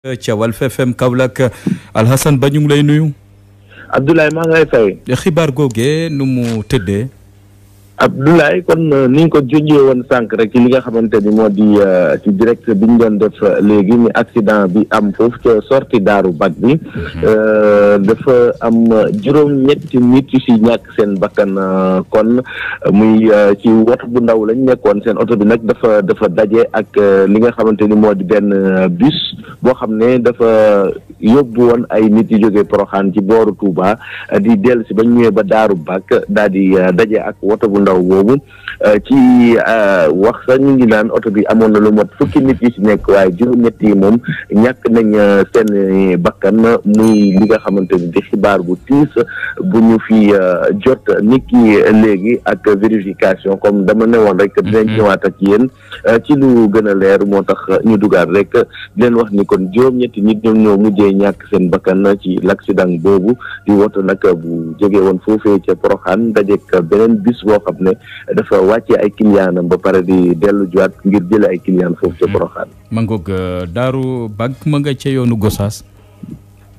ca Walf FM Kaolack Alhassane Ba ñu ngi lay nuyu Abdoulaye maa ngi lay fay xibaar googe nu mu tëddee ab Abdoulaye kon euh, ni nga ko junjee woon sànq rek ci li nga xamante ni moo di euh, ci direct bi ñu doon def euh, léegi ni accident bi am foofu ca sorti daaru bag bi mhm. dafa am juróom-ñetti nit yu si ñàkk seen bakkan kon muy ci woto bu ndaw lañ nekkoon seen oto bi nag dafa dafa daje ak li nga xamante ni moo di benn bus boo xam ne dafa yóbbu woon ay nit yu jóge Poroxaan ci booru Touba di dellu si ba ñëwee ba daaru bag daal di daje ak woto bu ndaw ndaw boobu euh, ci euh, wax sax ñu ngi naan oto bi amoon na lu mot fukki nit yi ci nekk waaye juróom-ñett yi moom ñàkk nañ euh, seen bakkan muy li nga xamante ni di xibaar bu tiis bu ñu fi jot nit ki léegi ak vérification comme dama ne woon rek dinañ mhm. ñëwaat ak yéen ci lu gën a leer moo tax ñu duggaat rek di leen wax ni kon juróom-ñetti nit ñoom ñoo mujjee ñàkk seen bakkan ci l'accident boobu di woto nag bu jóge woon foofee ca Porokhane dajeek beneen bis boo xam ne dafa wàccee ay kiliyaanam ba pare di dellu jiwaat ngir jële ay kiliyaan foofu ca hmm. Poroxaan ma ngoog euh, Daaru Bag ma nga ca yoonu Gosaas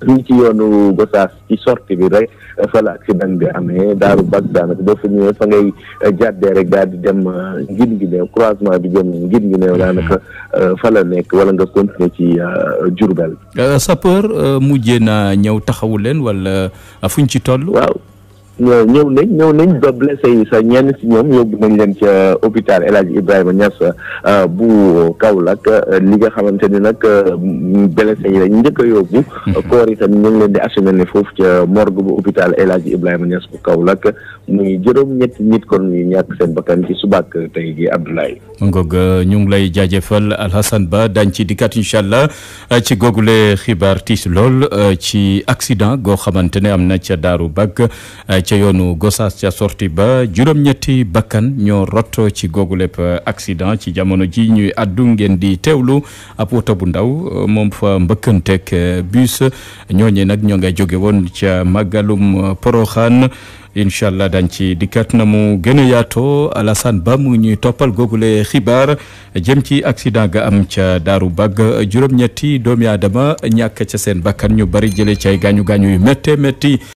ñu ci yoonu Gosaas ci sortie bi rek euh, fa la accident bi amee Daaru Bag daanaka boo fa ngay euh, jàddee rek daal di dem ngin gi néew croisement bi jëm ngi gi néew daanaka hmm. fa la nekk wala nga continuer ci Jurbel sapeur mujjee na ñëw taxawu leen wala fuñ ci toll waaw ñëw nañ ñëw nañ ba blessé yi sa ñenn si ñoom yóbbu nañ leen ca hôpital El Hadj Ibrahima Niass euh, bu Kaolack euh, li nga xamante ni nag euh, blessé yi njëkk a yóbbu. Mm-hmm. koor yi tamit ñu ngi di assumer ne foofu ca morgue bu hôpital Ibrahima Niass bu Kaolack muy juróom-ñetti nit kon ñu ñàkk seen bakkan ci subaak tey gi Abdoulaye. ngoog lay jaajëfal Alhassane Ba dañ ci dikkaat incha allah ci googule xibaar tiis lool ci accident goo xamante ne am na ca Daaru Bag. ca yoonu Gossas ca sorti ba juróom-ñetti bakkan ñoo rot ci googu lépp accident ci jamono ji ñuy addu ngeen di teewlu ab woto bu ndaw moom fa mbëkkanteeg eh, bus ñooñe nag ñoo nga jóge woon ca màggalum eh, Poroxaan incha allah dañ ci dikkat na mu gën a yaatoo Alassane Ba mu ñuy toppal googule xibaar jëm ci accident ga am ca Daaru Bagg juróom-ñetti doomi aadama ñàkk ca seen bakkan ñu bari jëlee ci ay gaañu gaañu yu méttee métti